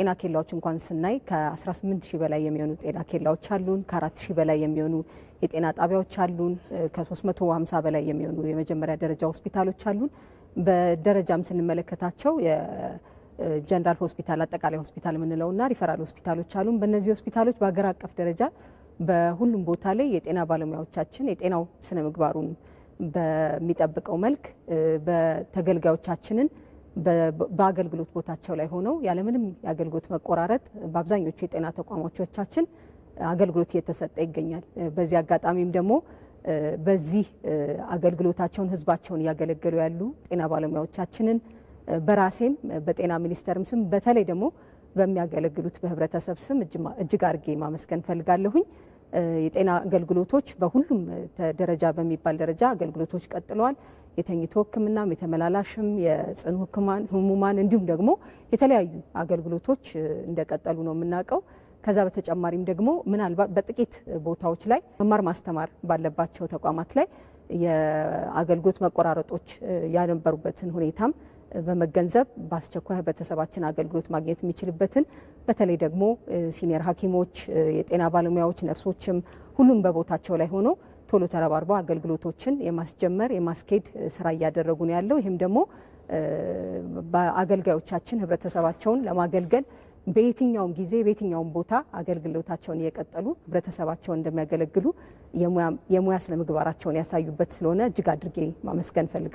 ጤና ኬላዎች እንኳን ስናይ ከ18 ሺ በላይ የሚሆኑ ጤና ኬላዎች አሉን። ከ4 በላይ የሚሆኑ የጤና ጣቢያዎች አሉን። ከ350 በላይ የሚሆኑ የመጀመሪያ ደረጃ ሆስፒታሎች አሉን። በደረጃም ስንመለከታቸው የጀነራል ሆስፒታል፣ አጠቃላይ ሆስፒታል የምንለውና ሪፈራል ሆስፒታሎች አሉን። በእነዚህ ሆስፒታሎች በሀገር አቀፍ ደረጃ በሁሉም ቦታ ላይ የጤና ባለሙያዎቻችን የጤናው ስነ ምግባሩን በሚጠብቀው መልክ በተገልጋዮቻችንን በአገልግሎት ቦታቸው ላይ ሆነው ያለምንም የአገልግሎት መቆራረጥ በአብዛኞቹ የጤና ተቋሞቻችን አገልግሎት እየተሰጠ ይገኛል። በዚህ አጋጣሚም ደግሞ በዚህ አገልግሎታቸውን ህዝባቸውን እያገለገሉ ያሉ ጤና ባለሙያዎቻችንን በራሴም በጤና ሚኒስቴርም ስም በተለይ ደግሞ በሚያገለግሉት በህብረተሰብ ስም እጅግ አርጌ ማመስገን ፈልጋለሁኝ። የጤና አገልግሎቶች በሁሉም ደረጃ በሚባል ደረጃ አገልግሎቶች ቀጥለዋል። የተኝቶ ሕክምናም የተመላላሽም የጽኑ ህሙማን እንዲሁም ደግሞ የተለያዩ አገልግሎቶች እንደቀጠሉ ነው የምናውቀው። ከዛ በተጨማሪም ደግሞ ምናልባት በጥቂት ቦታዎች ላይ መማር ማስተማር ባለባቸው ተቋማት ላይ የአገልግሎት መቆራረጦች ያነበሩበትን ሁኔታም በመገንዘብ በአስቸኳይ ህብረተሰባችን አገልግሎት ማግኘት የሚችልበትን በተለይ ደግሞ ሲኒየር ሐኪሞች፣ የጤና ባለሙያዎች፣ ነርሶችም ሁሉም በቦታቸው ላይ ሆኖ ቶሎ ተረባርበው አገልግሎቶችን የማስጀመር የማስኬድ ስራ እያደረጉ ነው ያለው። ይህም ደግሞ በአገልጋዮቻችን ህብረተሰባቸውን ለማገልገል በየትኛውም ጊዜ በየትኛውም ቦታ አገልግሎታቸውን እየቀጠሉ ህብረተሰባቸውን እንደሚያገለግሉ የሙያ ስነ ምግባራቸውን ያሳዩበት ስለሆነ እጅግ አድርጌ ማመስገን ፈልጋል።